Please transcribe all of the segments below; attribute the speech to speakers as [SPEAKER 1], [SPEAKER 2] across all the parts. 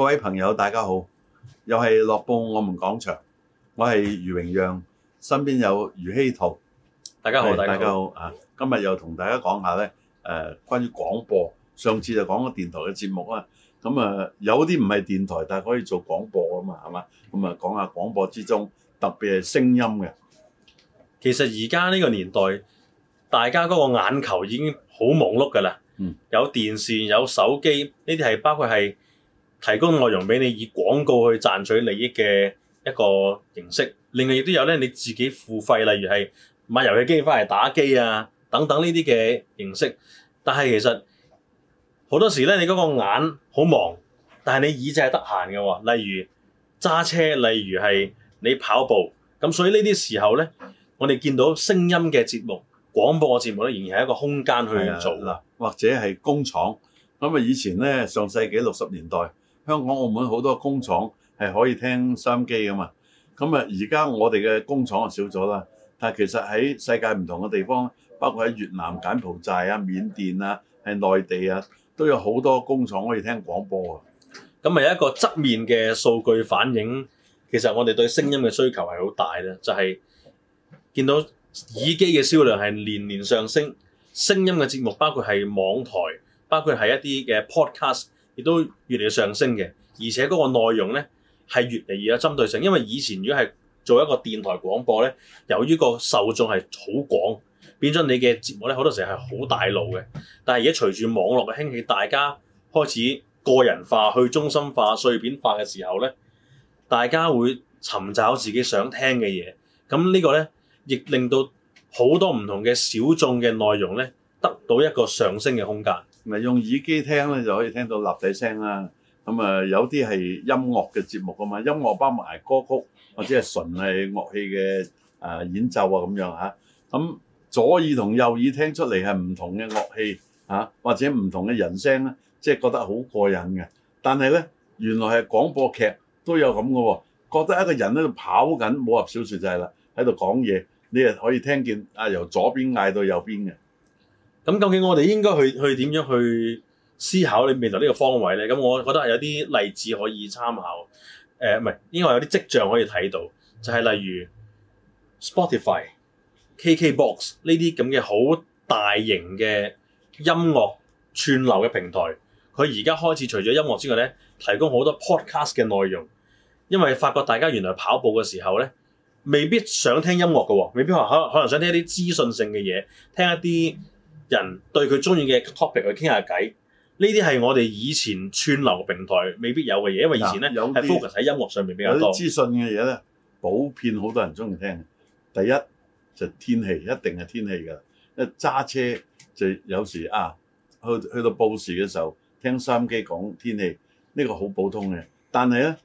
[SPEAKER 1] 各位朋友，大家好，又係樂報我們講場，我係余榮陽，身邊有余希圖，
[SPEAKER 2] 大家好，哎、大家好
[SPEAKER 1] 啊，今日又同大家講下咧，誒、呃，關於廣播，上次就講過電台嘅節目啦，咁啊，有啲唔係電台，但係可以做廣播噶嘛，係嘛，咁啊，講下廣播之中，特別係聲音嘅，其實而家
[SPEAKER 2] 呢個年代，大家嗰個眼球已經好忙碌噶啦，嗯，有電視，有手機，呢啲係包括係。提供內容俾你以廣告去賺取利益嘅一個形式，另外亦都有咧你自己付費，例如係買遊戲機翻嚟打機啊等等呢啲嘅形式。但係其實好多時咧，你嗰個眼好忙，但係你耳仔係得閒嘅喎。例如揸車，例如係你跑步，咁所以呢啲時候咧，我哋見到聲
[SPEAKER 1] 音嘅節目、廣播嘅節目咧，仍然係一個空間去做喇，或者係工廠。咁啊，以前咧，上世紀六十年代。香港、澳門好多工廠係可以聽收音機噶嘛？咁啊，而家我哋嘅工廠就少咗啦。但係其實喺世界唔同嘅地方，包括喺越南、柬埔寨啊、緬甸啊、喺內地啊，都有好多工廠可以聽廣播啊。咁啊，有一個側面嘅數據反映，
[SPEAKER 2] 其實我哋對聲音嘅需求係好大嘅，就係見到耳機嘅銷量係年年上升，聲音嘅節目包括係網台，包括係一啲嘅 podcast。亦都越嚟越上升嘅，而且嗰個內容咧係越嚟越有針對性。因為以前如果係做一個電台廣播咧，由於個受眾係好廣，變咗你嘅節目咧好多時候係好大路嘅。但係而家隨住網絡嘅興起，大家開始個人化、去中心化、碎片化嘅時候咧，大家會尋找自己想聽嘅嘢。咁呢個咧亦令到
[SPEAKER 1] 好多唔同嘅小眾嘅內容咧得到一個上升嘅空間。咪用耳機聽咧，就可以聽到立體聲啦。咁啊，有啲係音樂嘅節目噶嘛，音樂包埋歌曲或者係純係樂器嘅誒、呃、演奏啊咁樣嚇、啊。咁左耳同右耳聽出嚟係唔同嘅樂器嚇、啊，或者唔同嘅人聲咧、啊，即、就、係、是、覺得好過癮嘅。但係咧，原來係廣播劇都有咁嘅喎，覺得一個人喺度跑緊，武俠小説就係啦，喺度講嘢，你係可以聽見啊，由左邊嗌到右邊嘅。咁究竟我哋應該去去點樣去
[SPEAKER 2] 思考你未來呢個方位咧，咁我覺得係有啲例子可以參考。誒、呃，唔係應該有啲跡象可以睇到，就係、是、例如 Spotify、KKBox 呢啲咁嘅好大型嘅音樂串流嘅平台，佢而家開始除咗音樂之外咧，提供好多 podcast 嘅內容。因為發覺大家原來跑步嘅時候咧，未必想聽音樂嘅、哦，未必話可可能想聽一啲資訊性嘅嘢，聽一啲。人對佢中意嘅 topic 去傾下偈，呢啲係我哋以前串流平台未必有嘅嘢，因為以前咧有 focus 喺音樂上面比較多。資
[SPEAKER 1] 訊嘅嘢咧，普遍好多人中意聽。第一就是天氣，一定係天氣㗎，因為揸車就有時啊，去去到報時嘅時候聽收音機講天氣，呢個好普通嘅。但係咧，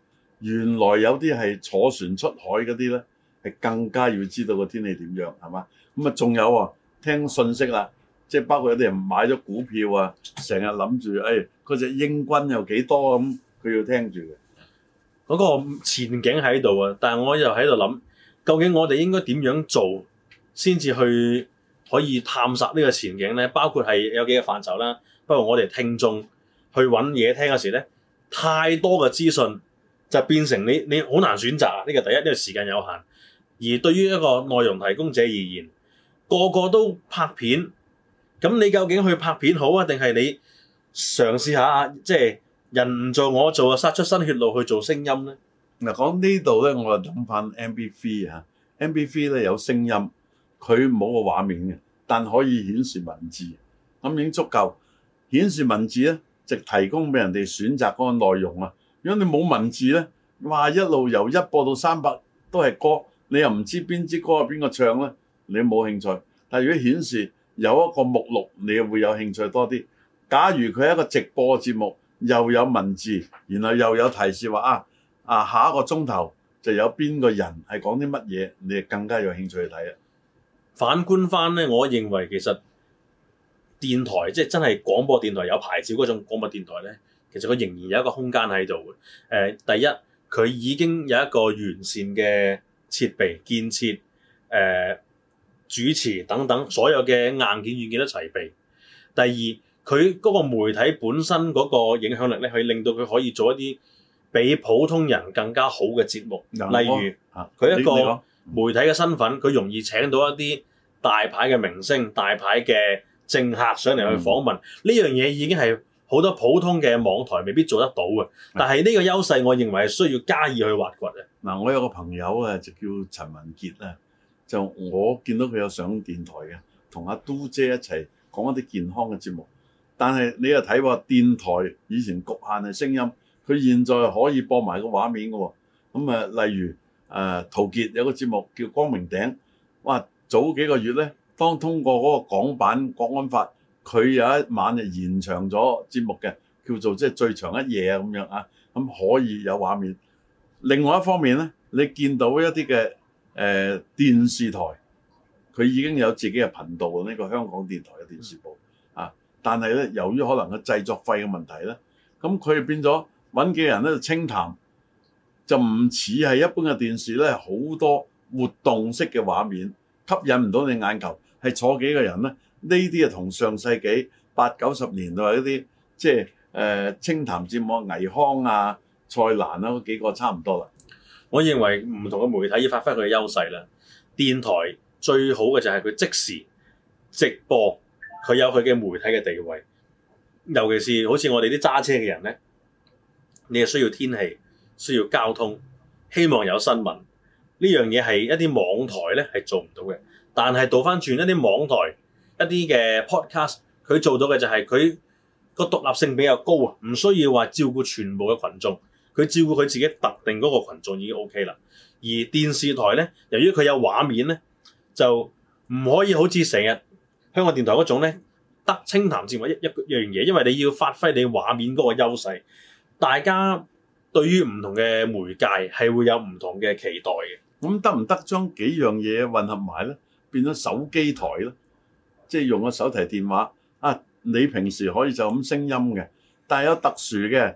[SPEAKER 1] 原來有啲係坐船出海嗰啲咧，係更加要知道個天氣點樣，係嘛？咁啊，仲有啊，聽信息啦。即係包括有啲人買咗股票啊，成日諗住誒嗰隻英軍有幾多咁，佢要聽住嘅嗰個前
[SPEAKER 2] 景喺度啊。但係我又喺度諗，究竟我哋應該點樣做先至去可以探索呢個前景咧？包括係有幾個範疇啦。不過我哋聽眾去揾嘢聽嘅時咧，太多嘅資訊就變成你你好難選擇。呢個第一，呢個時間有限；而對於一個內容提供者而言，個個都拍片。咁你究竟去拍片好啊，定係你
[SPEAKER 1] 嘗試下即係、就是、人唔做我做啊，殺出新血路去做聲音呢？嗱，講呢度呢，我就諗翻 MP3 啊，MP3 呢咧有聲音，佢冇個畫面嘅，但可以顯示文字，咁已經足夠。顯示文字呢，就提供俾人哋選擇嗰個內容啊。如果你冇文字呢，話一路由一播到三百都係歌，你又唔知邊支歌係邊個唱呢？你冇興趣。但係如果顯示，有一個目錄，你會有興趣多啲。假如佢係一個直播節目，又有文字，然後又有提示話啊啊，下一個鐘頭就有邊個人係講啲乜嘢，你更加有興趣去睇啦。反
[SPEAKER 2] 觀翻呢，我認為其實電台即係真係廣播電台有牌照嗰種廣播電台呢，其實佢仍然有一個空間喺度嘅。誒，第一，佢已經有一個完善嘅設備建設，呃主持等等，所有嘅硬件軟件都齊備。第二，佢嗰個媒體本身嗰個影響力咧，可以令到佢可以做一啲比普通人更加好嘅節目。嗯、例如，
[SPEAKER 1] 佢、哦、一個
[SPEAKER 2] 媒體嘅身份，佢、嗯、容易請到一啲大牌嘅明星、嗯、大牌嘅政客上嚟去訪問呢、嗯、樣嘢，已經係好多普通嘅網台未必做得到嘅。嗯、但係呢個優勢我認為係需要加以去挖掘嘅。
[SPEAKER 1] 嗱、嗯，我有個朋友啊，就叫陳文杰啊。就我見到佢有上電台嘅，同阿都姐一齊講一啲健康嘅節目。但係你又睇話電台以前局限嘅聲音，佢現在可以播埋個畫面嘅喎、哦。咁、嗯、啊，例如誒、呃、陶傑有個節目叫《光明頂》，哇！早幾個月呢，當通過嗰個港版國安法，佢有一晚就延長咗節目嘅，叫做即係最長一夜啊咁樣啊，咁、嗯、可以有畫面。另外一方面呢，你見到一啲嘅。誒、呃、電視台佢已經有自己嘅頻道，呢、這個香港電台嘅電視部、嗯、啊，但係咧由於可能佢製作費嘅問題咧，咁佢變咗揾幾個人咧清談，就唔似係一般嘅電視咧好多活動式嘅畫面，吸引唔到你眼球，係坐幾個人咧？呢啲啊同上世紀八九十年代嗰啲即係誒清談節目倪匡啊、蔡瀾啊嗰幾個差唔多啦。
[SPEAKER 2] 我認為唔同嘅媒體要發揮佢嘅優勢啦。電台最好嘅就係佢即時直播，佢有佢嘅媒體嘅地位。尤其是好似我哋啲揸車嘅人咧，你係需要天氣、需要交通，希望有新聞，呢樣嘢係一啲網台咧係做唔到嘅。但係倒翻轉一啲網台一啲嘅 podcast，佢做到嘅就係佢個獨立性比較高啊，唔需要話照顧全部嘅群眾。佢照顧佢自己特定嗰個群眾已經 OK 啦，而電視台咧，由於佢有畫面咧，就唔可以好似成日香港電台嗰種咧，得清談節目一一樣嘢，因為你要發揮你畫面嗰個優勢。大家對於唔同嘅媒介係會
[SPEAKER 1] 有唔同嘅期待嘅，咁得唔得將幾樣嘢混合埋咧，變咗手機台咧，即係用個手提電話啊，你平時可以就咁聲音嘅，但係有特殊嘅。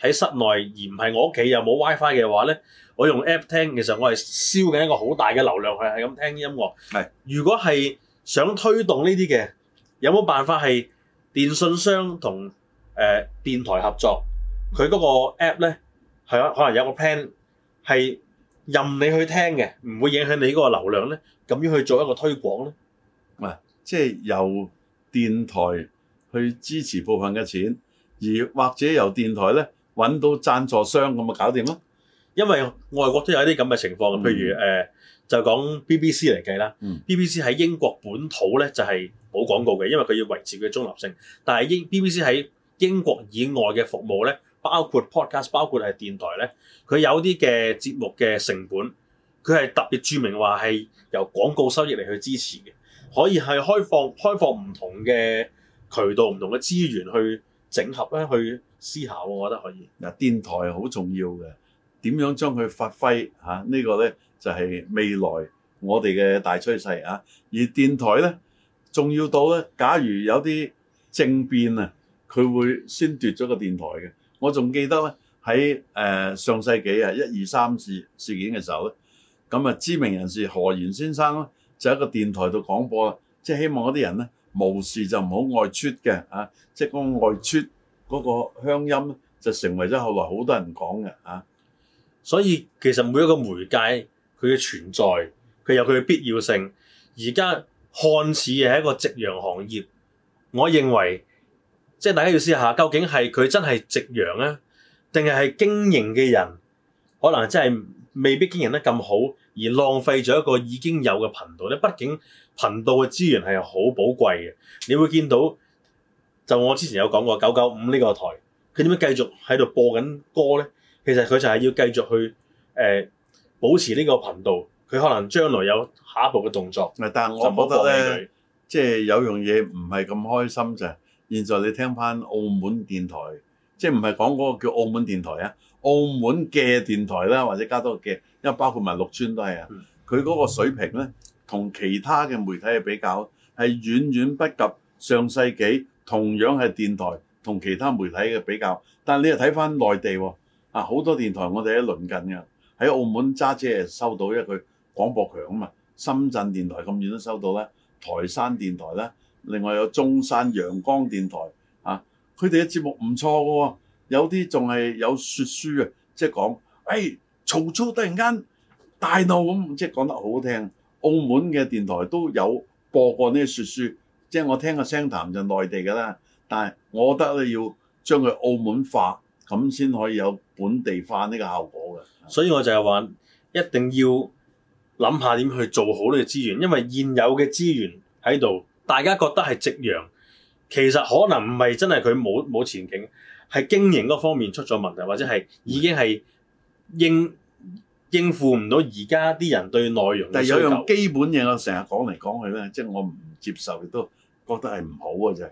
[SPEAKER 2] 喺室內而唔係我屋企又冇 WiFi 嘅話咧，我用 App 聽，其實我係燒緊一個好大嘅流量，去係咁聽音樂。是如果係想推動呢啲嘅，有冇辦法係電信商同誒、呃、電台合作，佢嗰個 App 咧係啊，可能有個 plan 係任你去聽嘅，唔會影響你嗰個
[SPEAKER 1] 流量咧，咁樣
[SPEAKER 2] 去做一個推廣
[SPEAKER 1] 咧？唔係，即係由電台去支持部分嘅錢，而或者由電台咧。搵到贊助商咁咪搞掂咯，因為外國都有一啲咁嘅情況，譬、嗯、如誒、呃、就講、嗯、
[SPEAKER 2] BBC 嚟計啦，BBC 喺英國本土咧就係冇廣告嘅，因為佢要維持佢嘅中立性。但係英 BBC 喺英國以外嘅服務咧，包括 podcast，包括係電台咧，佢有啲嘅節目嘅成本，佢係特別註明話係由廣告收益嚟去支持嘅，可以係開放開放唔同嘅
[SPEAKER 1] 渠道、唔同嘅資源去整合咧去。思考，我覺得可以。嗱，電台好重要嘅，點樣將佢發揮嚇？啊這個、呢個咧就係、是、未來我哋嘅大趨勢啊！而電台咧重要到咧，假如有啲政變啊，佢會先奪咗個電台嘅。我仲記得咧喺誒、呃、上世紀啊，一二三事事件嘅時候咧，咁啊知名人士何賢先生咧就喺個電台度廣播啦，即、就、係、是、希望嗰啲人咧無事就唔好外出嘅啊，即係嗰個外出。嗰個鄉音就成為咗後來好多人講嘅。啊，所以其實每一個媒介佢嘅存在，佢
[SPEAKER 2] 有佢嘅必要性。而家看似嘅係一個夕陽行業，我認為即、係、大家要試下，究竟係佢真係夕陽啊，定係係經營嘅人可能真係未必經營得咁好，而浪費咗一個已經有嘅頻道咧。畢竟頻道嘅資源係好寶貴嘅，你會見到。就我之前有講過九九五呢個台，佢點樣繼續喺度播緊歌呢？其實佢就係要繼續去誒、呃、保持呢個頻道。佢可能將來有下一步嘅動作。
[SPEAKER 1] 但係我覺得呢，就即係有樣嘢唔係咁開心就係，現在你聽返澳門電台，即係唔係講嗰個叫澳門電台啊？澳門嘅電台啦，或者加多嘅，因為包括埋綠邨都係啊。佢嗰、嗯、個水平呢，同其他嘅媒體嘅比較係遠遠不及上世紀。同樣係電台同其他媒體嘅比較，但係你又睇翻內地喎，啊好多電台我哋喺鄰近嘅，喺澳門揸車收到，因為佢廣播強啊嘛。深圳電台咁遠都收到咧，台山電台咧，另外有中山陽光電台啊，佢哋嘅節目唔錯喎，有啲仲係有説書嘅，即係講，誒曹操突然間大怒咁，即係講得好聽。澳門嘅電台都有播過呢啲説書。即係我聽個聲談就內地㗎啦，但係我覺得你要將佢澳門化，咁先可以有本地化呢個效果嘅。所以我就係話，一定要諗下點去
[SPEAKER 2] 做好呢個資源，因為現有嘅資源喺度，大家覺得係夕陽，其實可能唔係真係佢冇冇前景，係經營嗰方面出咗問題，或者係已經係應。應付唔到而家啲人對內容，但係有樣
[SPEAKER 1] 基本嘢，我成日講嚟講去咧，即係我唔接受亦都覺得係唔好嘅就係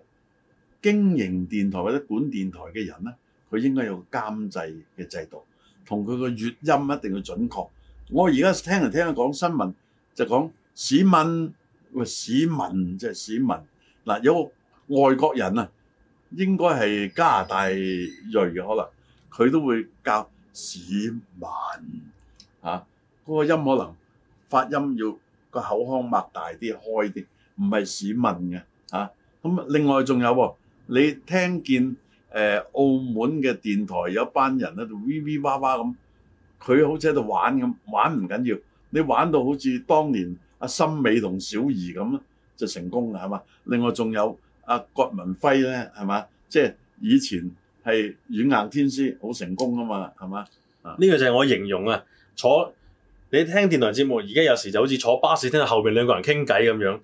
[SPEAKER 1] 經營電台或者管電台嘅人咧，佢應該有監製嘅制度，同佢個粵音一定要準確。我而家聽人聽講新聞就講市民，市民即係市民嗱，有個外國人啊，應該係加拿大裔嘅可能，佢都會教市民。嚇，嗰、啊那個音可能發音要個口腔擘大啲，開啲，唔係市民嘅咁、啊、另外仲有喎，你聽見誒、呃、澳門嘅電台有一班人喺度 v v 哇哇咁，佢好似喺度玩咁，玩唔緊要，你玩到好似當年阿、啊、森美同小儀咁就成功啦，係嘛？另外仲有阿郭、啊、文輝咧，係嘛？即、就、係、是、以前係軟硬天師好成功啊嘛，係嘛？啊，呢個就係我形容啊。坐你聽電台節目，而家有時就好似坐
[SPEAKER 2] 巴士聽到後邊兩個人傾偈咁樣，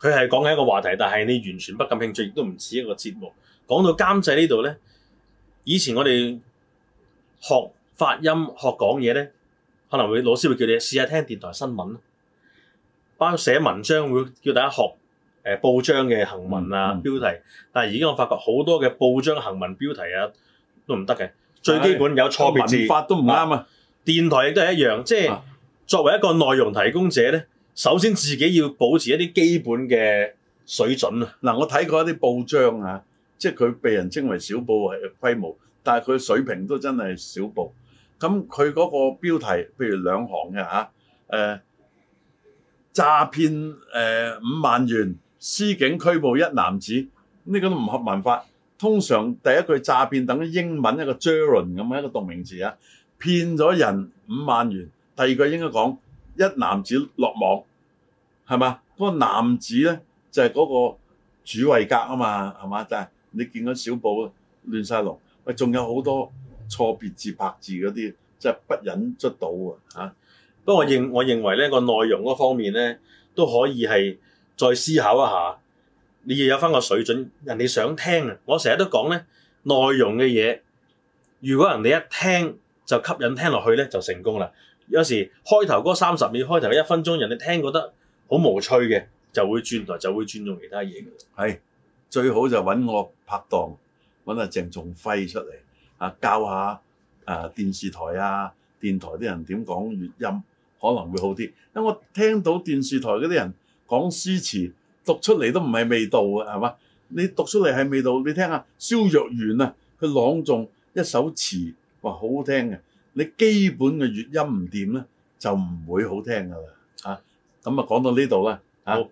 [SPEAKER 2] 佢係講緊一個話題，但係你完全不感興趣，亦都唔似一個節目。講到監製呢度咧，以前我哋學發音、學講嘢咧，可能會老師會叫你試下聽電台新聞，包括寫文章會叫大家學誒報章嘅行文啊、嗯嗯、標題。但係而家我發覺好多嘅報章行文標題啊都唔得嘅，但係最基本有錯別字，字法都唔啱啊。電台亦都係一樣，即係作為一個內容提供者咧，
[SPEAKER 1] 啊、首先自己要保持一啲基本嘅水準啊！嗱，我睇過一啲報章啊，即係佢被人稱為小報嘅規模，但係佢水平都真係小報。咁佢嗰個標題，譬如兩行嘅嚇，誒詐騙誒五萬元，司警拘捕一男子，呢、這個都唔合文法。通常第一句詐騙等於英文一個 j u r n a l 咁樣一個動名詞。啊。騙咗人五萬元。第二句應該講一男子落網，係嘛？嗰個男子咧就係嗰個主位格啊嘛，係嘛？就係你見到小寶亂晒龍喂，仲有好多錯別字、拍字、白字嗰啲，真係不忍卒睹啊！嚇，不過我認我認為咧個內容嗰方面
[SPEAKER 2] 咧都可以係再思考一下。你要有翻個水準，人哋想聽啊！我成日都講咧內容嘅嘢，如果人哋一聽，就吸引聽落去咧，就成功啦！有時開頭嗰三十秒、開頭一分鐘，人哋聽覺
[SPEAKER 1] 得好無趣嘅，就會轉台，就會轉用其他嘢嘅。係最好就揾我拍檔，揾阿、啊、鄭仲輝出嚟啊，教下啊電視台啊、電台啲人點講粵音，可能會好啲。因為我聽到電視台嗰啲人講詩詞讀出嚟都唔係味道啊，係嘛？你讀出嚟係味道，你聽下蕭若元啊，佢朗誦一首詞。哇，好好聽嘅！你基本嘅粵音唔掂咧，就唔會好聽㗎啦嚇。咁啊，就講到呢度啦嚇。啊。